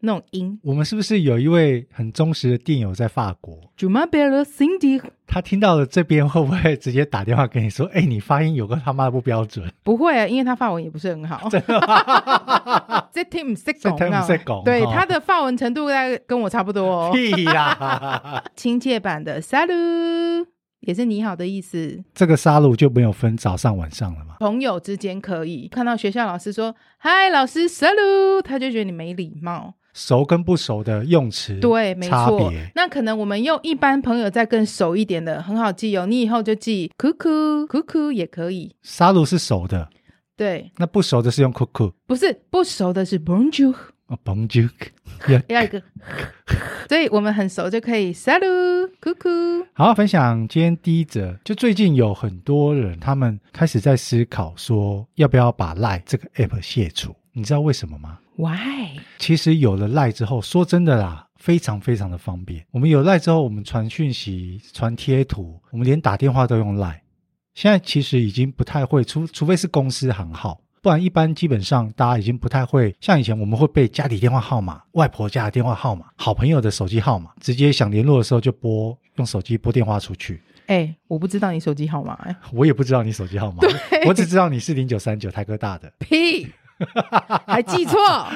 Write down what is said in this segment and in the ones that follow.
那種音，我們是不是有一位很忠實的殿友在法國 Je m'appelle Cindy，他聽到了這邊會不會直接打電話跟你說？哎，你發音有個他媽的不標準？不會啊，因為他法文也不是很好。真的嗎？ 這聽不是講，這聽不 對，他的法文程度跟跟我差不多哦。 屁啊、 親切版的 Salut。也是你好的意思。這個 salut 就沒有分早上晚上了嘛。朋友之間可以看到學校老師說嗨，老師 salut，他就覺得你沒禮貌。熟跟不熟的用詞差別，對，沒錯。那可能我們用一般朋友再更熟一點的，很好記哦。你以後就記 coucou，coucou 也可以。salut 是熟的，對。那不熟的是用 coucou，不是不熟的是 “bonjour”。Bonjour，要第二個，所以我們很熟就可以 Salut，coucou。好，分享今天第一則，就最近有很多人他們開始在思考說，要不要把 Line 這個 app 卸除？你知道為什麼嗎？Why？其實有了 Line 之後，說真的啦，非常非常的方便。我們有 Line 之後，我們傳訊息、傳貼圖，我們連打電話都用 Line。現在其實已經不太會，除除非是公司行號。不然，一般基本上大家已經不太會像以前，我們會被家裡電話號碼、外婆家的電話號碼、好朋友的手機號碼，直接想聯絡的時候就撥用手機撥電話出去。哎、欸，我不知道你手機號碼、欸，哎，我也不知道你手機號碼，我只知道你是零九三九台哥大的，屁，還記錯。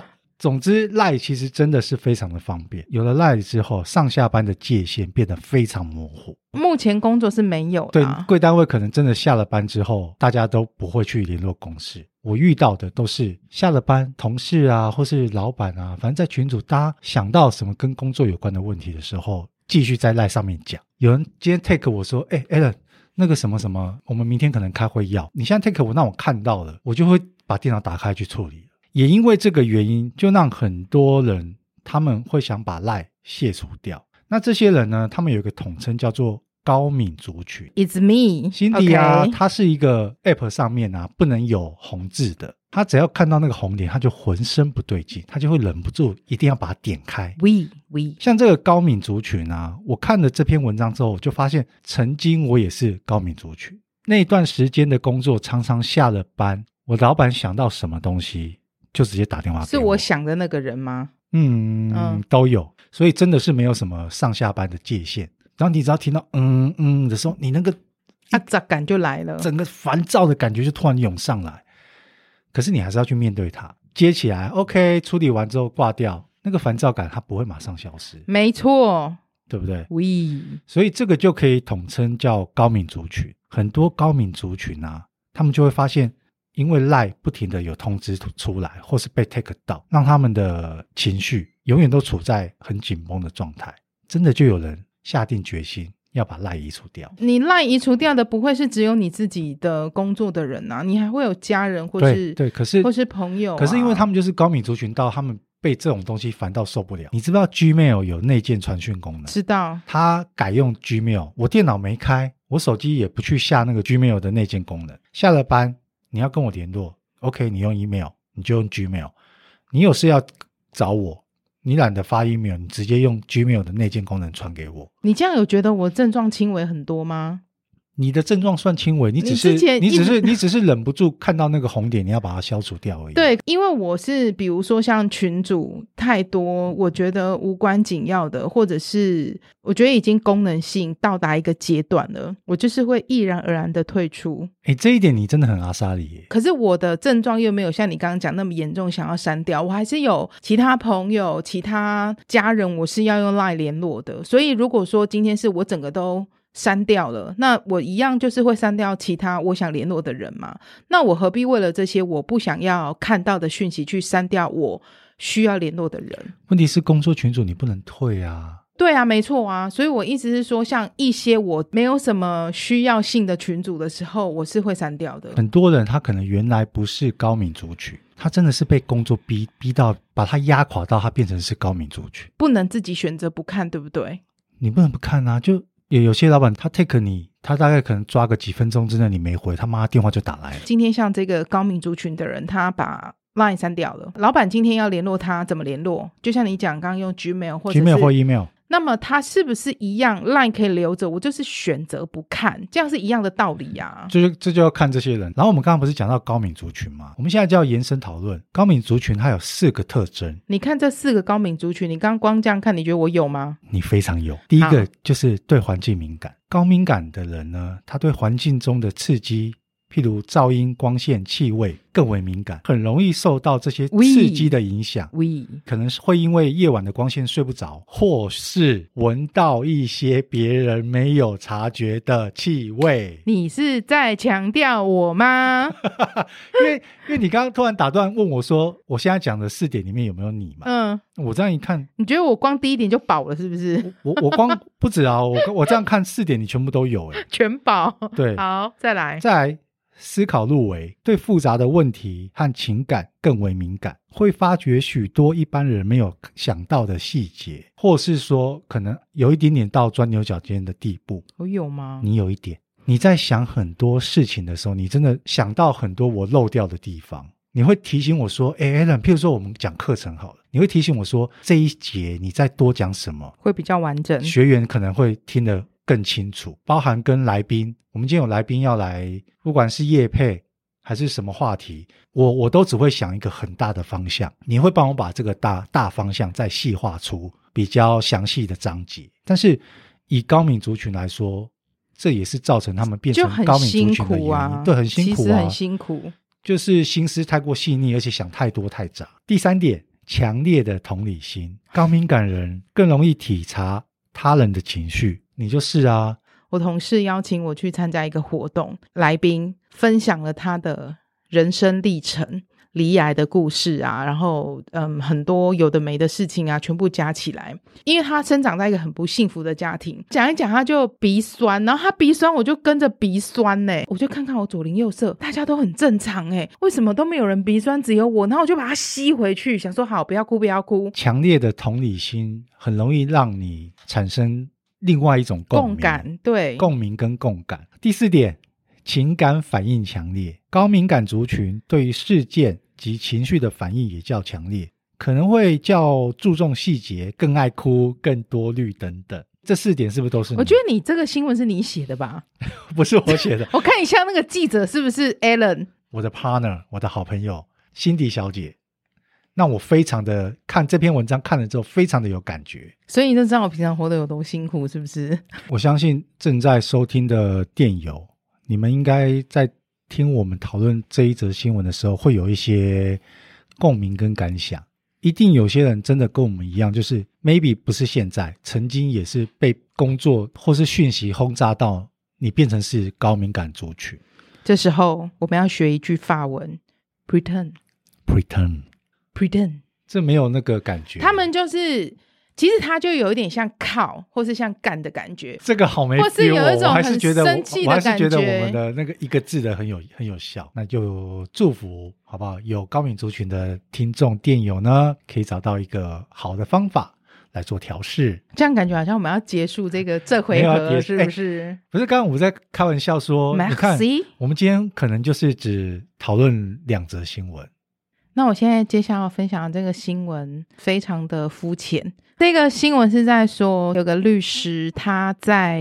總之，line 其實真的是非常的方便。有了 line 之後，上下班的界限變得非常模糊。目前工作是沒有的。對貴單位可能真的下了班之後，大家都不會去聯絡公司。我遇到的都是下了班，同事啊，或是老闆啊，反正在群組，大家想到什麼跟工作有關的問題的時候，繼續在 line 上面講。有人今天 take 我說，誒、欸、Allen 那個什麼什麼，我們明天可能開會要。你現在 take 我，讓我看到了，我就會把電腦打開去處理。也因為這個原因，就讓很多人他們會想把 Line 卸除掉。那這些人呢，他們有一個統稱叫做高敏族群。It's me，Cindy 啊，他、okay. 是一個 App 上面啊不能有紅字的，他只要看到那個紅點，他就渾身不對勁，他就會忍不住一定要把它點開。We we，像這個高敏族群啊，我看了這篇文章之後，我就發現曾經我也是高敏族群。那一段時間的工作，常常下了班，我老板想到什麼東西。就直接打電話，是我想的那個人嗎？嗯，嗯，都有，所以真的是沒有什麼上下班的界限。然後你只要聽到嗯嗯的時候，你那個啊榨感就來了，整個煩躁的感覺就突然湧上來。可是你還是要去面對它，接起來，OK，處理完之後掛掉，那個煩躁感它不會馬上消失，沒錯，對不對？無意義、Oui。所以這個就可以統稱叫高敏族群。很多高敏族群啊，他們就會發現。因為 Line 不停的有通知出來，或是被 take 到，讓他們的情緒永遠都處在很緊繃的狀態。真的就有人下定決心要把 Line 移除掉。你 Line 移除掉的不會是只有你自己的工作的人啊，你還會有家人或是對對，可是或是朋友、啊。可是因為他們就是高敏族群，到他們被這種東西煩到受不了。你知不知道 Gmail 有內建傳訊功能？知道。他改用 Gmail，我電腦沒開，我手機也不去下那個 Gmail 的內建功能。下了班。你要跟我聯絡，OK，你用 email，你就用 gmail。你有事要找我，你懶得發 email，你直接用 gmail 的內建功能傳給我。你這樣有覺得我症狀輕微很多嗎？你的症狀算輕微，你只是你，你只是你只是，你只是忍不住看到那個紅點，你要把它消除掉而已。對，因為我是比如說像群組太多，我覺得無關緊要的，或者是我覺得已經功能性到達一個階段了，我就是會毅然而然的退出。誒、欸，這一點你真的很阿莎莉耶。可是我的症狀又沒有像你剛剛講那麼嚴重，想要刪掉，我還是有其他朋友、其他家人，我是要用 Line 聯絡的。所以如果說今天是我整個都。刪掉了，那我一樣就是會刪掉其他我想聯絡的人嘛。那我何必為了這些我不想要看到的訊息去刪掉我需要聯絡的人？問題是工作群組你不能退啊！對啊，沒錯啊，所以我意思是說，像一些我沒有什麼需要性的群組的時候，我是會刪掉的。很多人他可能原來不是高敏族群，他真的是被工作逼逼到把他壓垮到，他變成是高敏族群。不能自己選擇不看，對不對？你不能不看啊！就。有有些老板他 take 你，他大概可能抓個幾分鐘之內你沒回，他媽電話就打來了。今天像這個高敏族群的人，他把 line 刪掉了，老板今天要聯絡他怎麼聯絡？就像你講，剛剛用 Gmail 或, Gmail 或 email。那麼他是不是一樣 Line 可以留着？我就是選擇不看，這樣是一樣的道理呀、啊。就是這就要看這些人。然後我們剛剛不是講到高敏族群嗎？我們現在就要延伸討論高敏族群，它有四個特徵。你看這四個高敏族群，你剛剛光這樣看，你覺得我有嗎？你非常有。第一個就是對環境敏感，啊、高敏感的人呢，他對環境中的刺激。譬如噪音、光線、氣味更為敏感，很容易受到這些刺激的影響。We, 可能會因為夜晚的光線睡不着，或是聞到一些別人沒有察覺的氣味。你是在強調我嗎？ 因為因為你剛剛突然打斷問我說，說我現在講的四點裡面有沒有你嘛？嗯，我這樣一看，你覺得我光第一點就飽了，是不是？我我光不止啊， 我我這樣看四點，你全部都有、欸，哎，全飽。對，好，再來，再來。思考入微，對複雜的問題和情感更為敏感，會發掘許多一般人沒有想到的細節，或是說可能有一點點到鑽牛角尖的地步。我、哦、有嗎？你有一點，你在想很多事情的時候，你真的想到很多我漏掉的地方。你會提醒我說：“哎、欸、，Alan、欸、譬如說我們講課程好了，你會提醒我說這一節你再多講什麼，會比較完整。學員可能會聽得。”更清楚，包含跟來賓，我們今天有來賓要來，不管是業配還是什麼話題，我我都只會想一個很大的方向，你會幫我把這個大大方向再細化出比較詳細的章節。但是以高敏族群來說，這也是造成他們變成高敏族群的原因，啊、對，很辛苦啊，很辛苦，就是心思太過細膩，而且想太多太雜。第三點，強烈的同理心，高敏感人更容易體察他人的情緒。你就是啊！我同事邀請我去參加一個活動，來賓分享了他的人生歷程、罹癌的故事啊，然後嗯，很多有的沒的事情啊，全部加起來。因為他生長在一個很不幸福的家庭，講一講他就鼻酸，然後他鼻酸，我就跟着鼻酸呢、欸，我就看看我左鄰右舍，大家都很正常誒、欸，為什麼都沒有人鼻酸，只有我？然後我就把它吸回去，想說好，不要哭，不要哭。強烈的同理心很容易讓你產生。另外一種共，共感，對共鳴跟共感。第四點，情感反應強烈，高敏感族群對於事件及情緒的反應也較強烈，可能會較注重細節，更愛哭，更多慮等等。這四點是不是都是你？我覺得你這個新聞是你寫的吧？ 不是我寫的， 我看一下那個記者是不是 Allen？我的 partner，我的好朋友 Cindy 小姐。讓我非常的看這篇文章看了之後，非常的有感覺。所以你就知道我平常活得有多辛苦，是不是？我相信正在收聽的電郵，你們應該在聽我們討論這一則新聞的時候，會有一些共鳴跟感想。一定有些人真的跟我們一樣，就是 maybe 不是現在，曾經也是被工作或是訊息轟炸到，你變成是高敏感族群。這時候我們要學一句法文：pretend，pretend。Pretend Pretend p r e 這沒有那個感覺，他們就是其實他就有一點像靠或是像幹的感覺，這個好沒、哦、或是有一種很生氣的感覺。我還是覺得我們的那個一個字的很有很有效，那就祝福好不好？有高敏族群的聽眾、電友呢，可以找到一個好的方法來做調試。這樣感覺好像我們要結束這個這回合、啊、是不是？哎、不是，剛剛我們在開玩笑說，Merci? 你看我們今天可能就是只討論兩則新聞。那我現在接下來要分享的這個新聞非常的膚淺。這個新聞是在說有個律師他在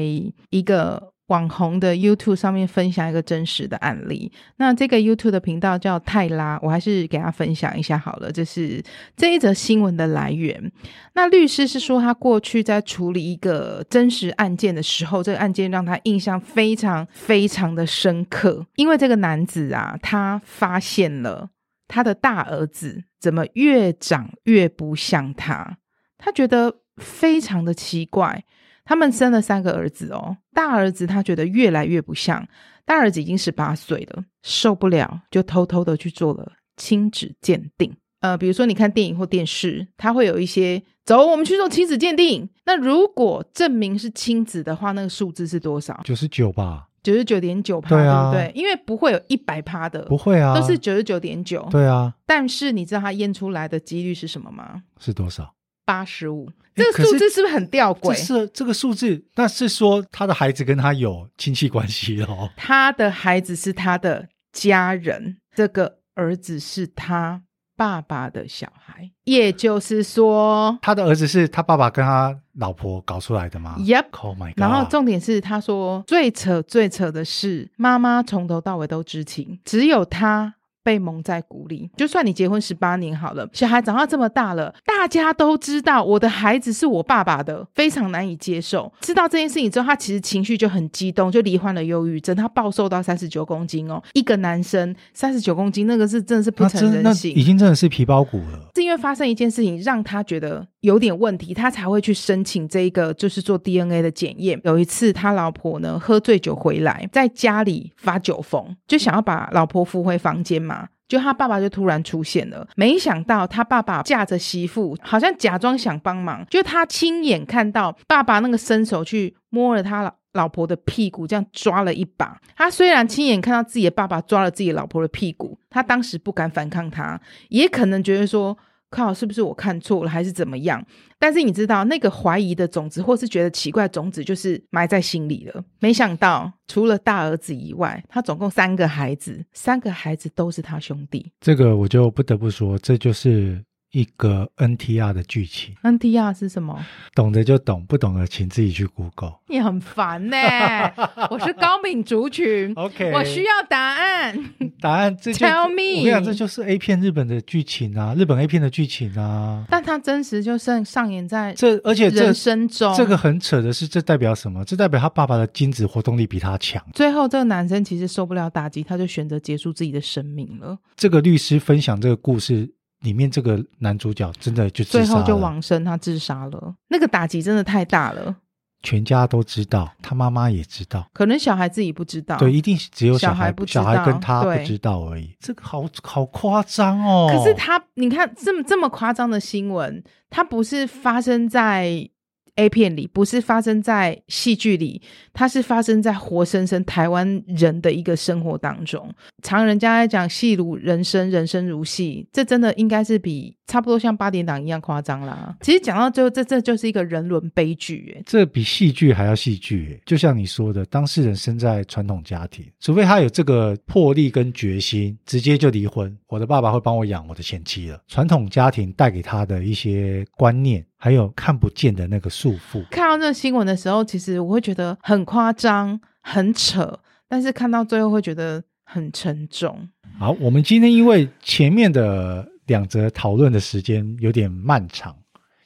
一個網紅的 YouTube 上面分享一個真實的案例。那這個 YouTube 的頻道叫泰拉，我還是給他分享一下好了，這、就是這一則新聞的來源。那律師是說他過去在處理一個真實案件的時候，這個案件讓他印象非常非常的深刻，因為這個男子啊，他發現了。他的大兒子怎麼越長越不像他？他覺得非常的奇怪。他們生了三個兒子哦，大兒子他覺得越來越不像。大兒子已經十八歲了，受不了，就偷偷的去做了親子鑑定。呃，比如說你看電影或電視，他會有一些“走，我們去做親子鑑定”。那如果證明是親子的話，那個數字是多少？九十九吧。九十九點九趴，對啊，對不對？因為不會有一百趴的，不會啊，都是九十九點九。對啊，但是你知道他驗出來的幾率是什麼嗎？是多少？八十五。這個數字是不是很吊詭？是,這,是這個數字，那是說他的孩子跟他有親戚關係哦。他的孩子是他的家人，這個兒子是他。爸爸的小孩，也就是說，他的兒子是他爸爸跟他老婆搞出來的嗎？Yep，Oh，然後重點是，他說最扯最扯的是，媽媽從頭到尾都知情，只有他。被蒙在鼓裡，就算你結婚十八年好了，小孩長到這麼大了，大家都知道我的孩子是我爸爸的，非常難以接受。知道這件事情之後，他其實情緒就很激動，就罹患了憂鬱症，他暴瘦到三十九公斤哦，一個男生三十九公斤，那個是真的是不成人形，已經真的是皮包骨了。是因為發生一件事情讓他覺得。有點問題，他才會去申請這一個，就是做 DNA 的檢驗。有一次，他老婆呢喝醉酒回來，在家裡發酒瘋，就想要把老婆扶回房間嘛，就他爸爸就突然出現了，沒想到他爸爸架着媳婦，好像假裝想幫忙。就他親眼看到爸爸那個伸手去摸了他老婆的屁股，這樣抓了一把。他雖然親眼看到自己的爸爸抓了自己老婆的屁股，他當時不敢反抗他，他也可能覺得說。靠，是不是我看錯了，還是怎麼樣？但是你知道，那個懷疑的種子，或是覺得奇怪的種子，就是埋在心裡了。沒想到，除了大兒子以外，他總共三個孩子，三個孩子都是他兄弟。這個我就不得不說，這就是。一個 NTR 的劇情，NTR 是什麼？懂得就懂，不懂的請自己去 Google。你很煩呢、欸， 我是高敏族群 ，OK，我需要答案。答案自己。Tell me，你看這就是 A 片日本的劇情啊，日本 A 片的劇情啊。但他真實就是上演在這，而且人生中這個很扯的是，這代表什麼？這代表他爸爸的精子活動力比他強。最後，這個男生其實受不了打擊，他就選擇結束自己的生命了。這個律師分享這個故事。裡面這個男主角真的就自殺了，最後就往生，他自殺了。那個打擊真的太大了，全家都知道，他媽媽也知道，可能小孩自己不知道，對，一定只有小孩，小孩不知道，小孩跟他不知道而已。這個好好誇張哦！可是他，你看這麼這麼誇張的新聞，它不是發生在 A 片裡不是發生在戲劇裡，它是發生在活生生台灣人的一個生活當中。常人家來講，戲如人生，人生如戲，這真的應該是比差不多像八點檔一樣誇張啦。其實講到最後這，這這就是一個人倫悲劇，欸。這比戲劇還要戲劇，欸。就像你說的，當事人生在傳統家庭，除非他有這個魄力跟決心，直接就離婚。我的爸爸會幫我養我的前妻了。傳統家庭帶給他的一些觀念。還有看不見的那個束縛。看到這個新聞的時候，其實我會覺得很誇張、很扯，但是看到最後會覺得很沉重。好，我們今天因為前面的兩則討論的時間有點漫長，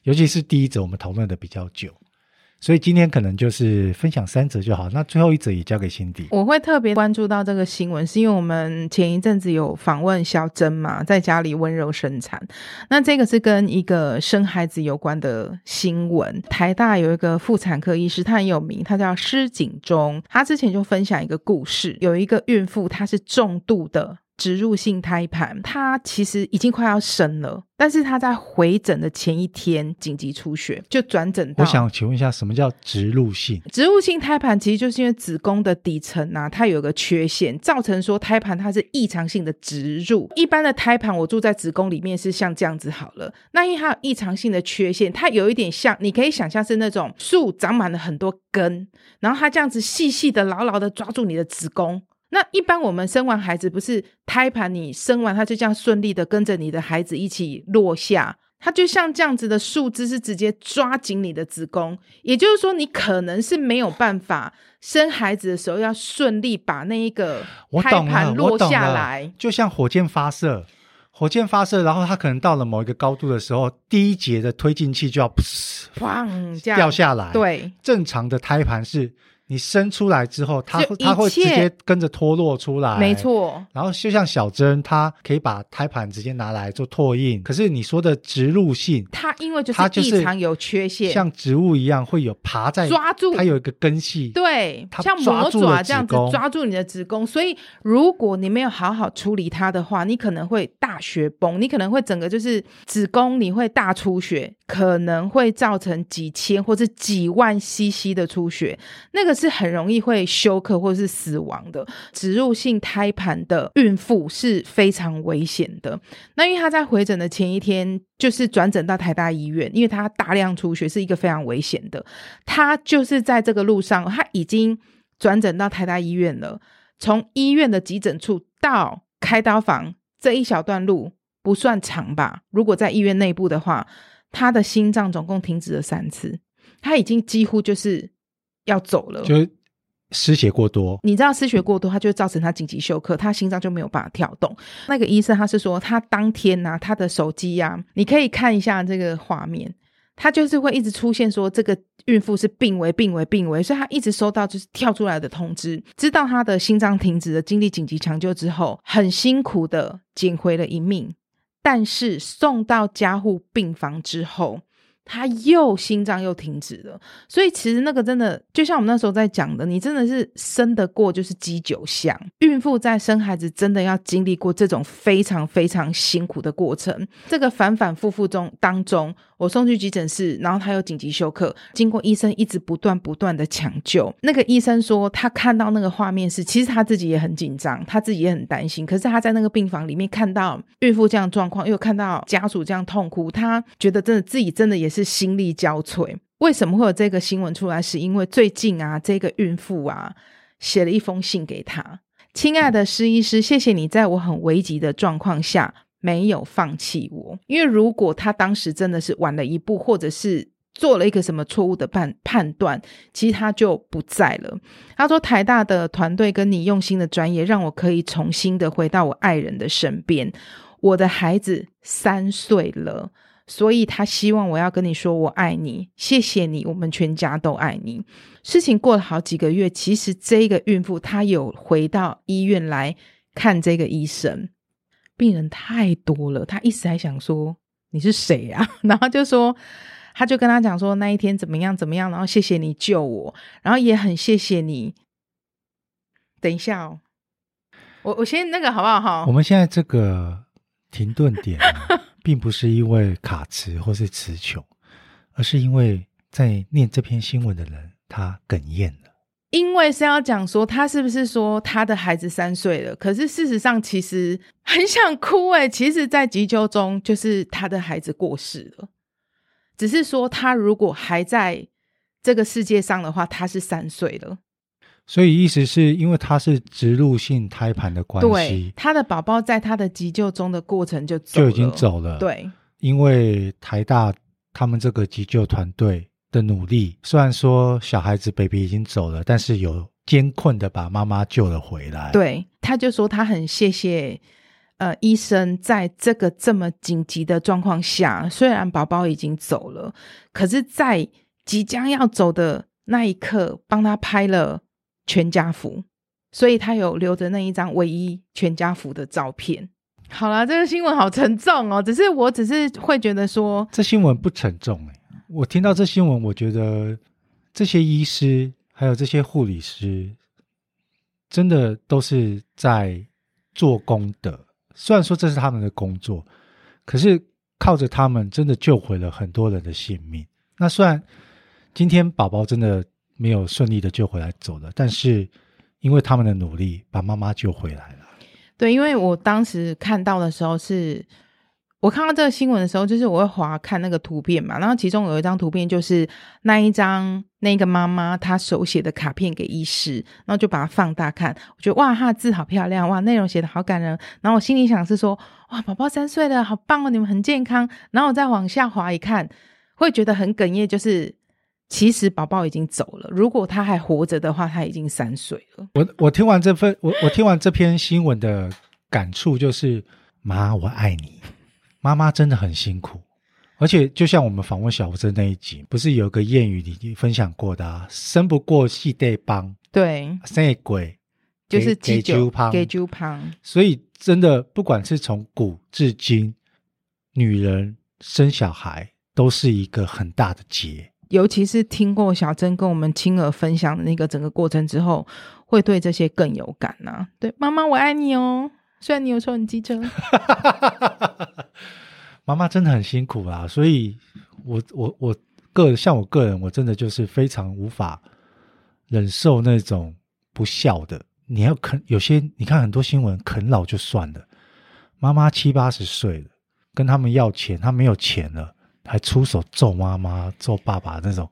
尤其是第一則我們討論的比較久。所以今天可能就是分享三則就好。那最後一則也交給辛迪。我會特別關注到這個新聞，是因為我們前一陣子有訪問小珍嘛，在家裡溫柔生產。那這個是跟一個生孩子有關的新聞。台大有一個婦產科醫師，他很有名，他叫施景中。他之前就分享一個故事，有一個孕婦，她是重度的。植入性胎盤，它其實已經快要生了，但是它在回診的前一天緊急出血，就轉診到。我想請問一下，什麼叫植入性？植入性胎盤其實就是因為子宮的底層、啊、它有個缺陷，造成說胎盤它是異常性的植入。一般的胎盤，我住在子宮裡面是像這樣子好了。那因為它有異常性的缺陷，它有一點像，你可以想象是那種樹長滿了很多根，然後它這樣子細細的、牢牢的抓住你的子宮。那一般我們生完孩子，不是胎盤？你生完它就這樣順利的跟着你的孩子一起落下，它就像這樣子的樹枝，是直接抓緊你的子宮。也就是說，你可能是沒有辦法生孩子的時候，要順利把那一個胎盤落下來。就像火箭發射，火箭發射，然後它可能到了某一個高度的時候，第一節的推進器就要噗、嗯、掉下來。對，正常的胎盤是。你生出來之後，它一切它會直接跟着脫落出來，沒錯。然後就像小珍，它可以把胎盤直接拿來做拓印。可是你說的植入性，它因為就是異常有缺陷，像植物一樣會有爬在抓住它，有一個根系，對它，像魔爪這樣子抓住你的子宮。所以如果你沒有好好處理它的話，你可能會大血崩，你可能會整個就是子宮你會大出血。可能會造成幾千或者幾萬 CC 的出血，那個是很容易會休克或是死亡的。植入性胎盤的孕婦是非常危險的。那因為她在回診的前一天就是轉診到台大醫院，因為她大量出血是一個非常危險的。她就是在這個路上，她已經轉診到台大醫院了。從醫院的急診處到開刀房，這一小段路不算長吧？如果在醫院內部的話。他的心臟總共停止了三次，他已經幾乎就是要走了，就是、失血過多。你知道失血過多，它就會造成他緊急休克，他心臟就沒有辦法跳動。那個醫生他是說，他當天啊，他的手機啊，你可以看一下這個畫面，他就是會一直出現說這個孕婦是病危、病危、病危，所以他一直收到就是跳出來的通知，知道他的心臟停止了，經歷緊急搶救之後，很辛苦的撿回了一命。但是送到加護病房之後，他又心臟又停止了，所以其實那個真的就像我們那時候在講的，你真的是生得過就是雞酒香。孕婦在生孩子真的要經歷過這種非常非常辛苦的過程。這個反反复覆中當中，我送去急診室，然後他又緊急休克。經過醫生一直不斷不斷的搶救，那個醫生說他看到那個畫面是，其實他自己也很緊張，他自己也很擔心。可是他在那個病房裡面看到孕婦這樣狀況，又看到家屬這樣痛哭，他覺得真的自己真的也。是心力交瘁。為什麼會有這個新聞出來？是因為最近啊，這個孕婦啊寫了一封信給他：“親愛的施醫師，謝謝你在我很危急的狀況下沒有放棄我。因為如果他當時真的是晚了一步，或者是做了一個什麼錯誤的判判斷，其實他就不在了。”他說：“台大的團隊跟你用心的專業，讓我可以重新的回到我愛人的身邊。我的孩子三歲了。”所以，他希望我要跟你說，我愛你，謝謝你，我們全家都愛你。事情過了好幾個月，其實這個孕婦她有回到醫院來看這個醫生，病人太多了，她一直還想說你是誰啊，然後就說，他就跟他講說那一天怎麼樣怎麼樣，然後謝謝你救我，然後也很謝謝你。等一下哦，我我先那個好不好？我們現在這個停頓點。 並不是因為卡詞或是詞窮，而是因為在念這篇新聞的人他哽咽了。因為是要講說他是不是說他的孩子三歲了，可是事實上其實很想哭誒、欸，其實，在急救中就是他的孩子過世了，只是說他如果還在這個世界上的話，他是三歲了。所以意思是因為他是植入性胎盤的關係，他的寶寶在他的急救中的過程就走了，就已經走了。對，因為台大他們這個急救團隊的努力，雖然說小孩子 baby 已經走了，但是有艱困的把媽媽救了回來。對，他就說他很謝謝呃醫生在這個這麼緊急的狀況下，雖然寶寶已經走了，可是，在即將要走的那一刻，幫他拍了。全家福，所以他有留着那一張唯一全家福的照片。好啦，這個新聞好沉重喔。只是，我只是會覺得說，這新聞不沉重欸。我聽到這新聞，我覺得這些醫師還有這些護理師，真的都是在做功德。雖然說這是他們的工作，可是靠着他們，真的救回了很多人的性命。那雖然今天寶寶真的沒有順利的救回來走了，但是因為他們的努力，把媽媽救回來了。對，因為我當時看到的時候是，我看到這個新聞的時候，就是我會滑看那個圖片嘛，然後其中有一張圖片就是那一張那個媽媽她手寫的卡片給醫師，然後就把它放大看，我覺得哇她字好漂亮，哇，內容寫得好感人，然後我心裡想是說哇寶寶三歲了，好棒哦，你們很健康，然後我再往下滑一看，會覺得很哽咽，就是。其實寶寶已經走了。如果他還活着的話，他已經三歲了。我我聽完這份我我聽完這篇新聞的感觸就是：媽，我愛你。媽媽真的很辛苦，而且就像我們訪問小吳子那一集，不是有個諺語你分享過的、啊“生不過四塊板”，對，生得過就是雞，酒香雞酒香。所以真的，不管是從古至今，女人生小孩都是一個很大的劫。尤其是聽過小珍跟我們親耳分享的那個整個過程之後，會對這些更有感啊。對，媽媽我愛你哦。雖然你有時候很機車， 媽媽真的很辛苦啦、啊。所以我，我我我個像我個人，我真的就是非常無法忍受那種不孝的。你要啃有些，你看很多新聞啃老就算了，媽媽七八十歲了，跟他們要錢，他沒有錢了。還出手揍媽媽、揍爸爸那種，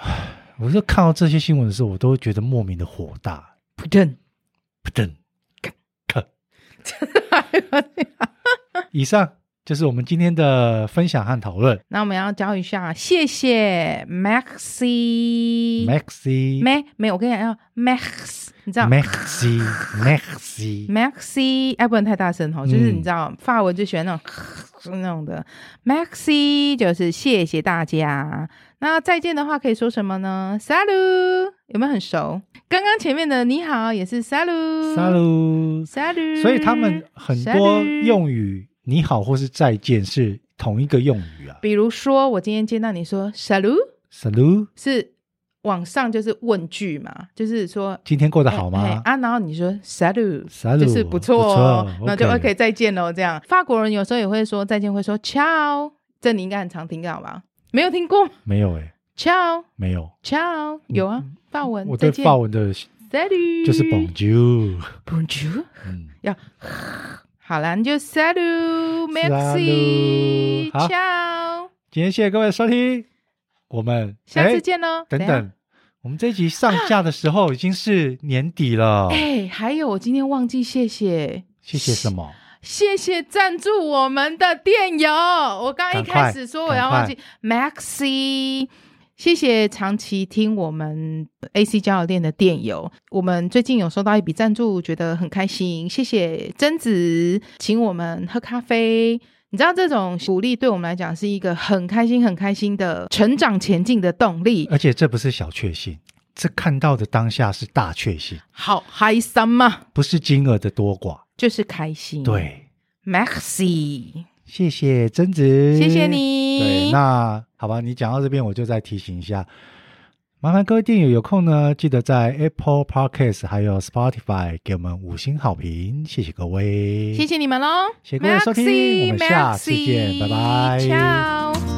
唉，我就看到這些新聞的時候，我都覺得莫名的火大，撲騰撲騰，咔真他媽的！ 以上。就是我們今天的分享和討論。那我們要教一下，謝謝 Merci。Merci 沒沒有，我跟你講要 Max，你知道 Merci Merci Merci，哎，不能太大聲哦，就是你知道、嗯、法文最喜歡那種、嗯、那種的 Merci，就是謝謝大家。那再見的話可以說什麼呢？Salut，有沒有很熟？剛剛前面的你好也是 Salut Salut Salut 所以他們很多用語、salut。Salut 你好或是再見是同一個用語啊，比如說我今天見到你說 salut salut 是網上就是問句嘛，就是說今天過得好嗎、哦、啊？然後你說 salut salut 就是不錯哦，錯哦那就 OK 再見嘍。這樣法國人有時候也會說再見，會說 Ciao 這你應該很常聽，到吧？沒有聽過？沒有哎、欸、Ciao 沒有 Ciao 有啊，嗯、法文我對法文的 salut 就是 bonjour bonjour 好了，那就 Salut 哦，Merci，Ciao，好，今天謝謝各位收聽，我們下次見嘍。等等，我們這一集上架的時候已經是年底了。哎、啊欸，還有，我今天忘記謝謝，謝謝什麼？謝謝贊助我們的電郵。我剛剛一開始說我要忘記 Merci 謝謝長期聽我們 A C 交流殿的殿友，我們最近有收到一筆贊助，覺得很開心。謝謝貞子請我們喝咖啡，你知道這種鼓勵對我們來講是一個很開心、很開心的成長前進的動力。而且這不是小確幸，這看到的當下是大確幸。好嗨森嗎？不是金額的多寡，就是開心。對，Merci。謝謝曾子，謝謝你。對，那好吧，你講到這邊，我就再提醒一下，麻煩各位電影有空呢，記得在 Apple Podcast 還有 Spotify 給我們五星好評，謝謝各位，謝謝你們嘍，謝謝各位收聽，Merci, 我們下次見，Merci, 拜拜，Ciao。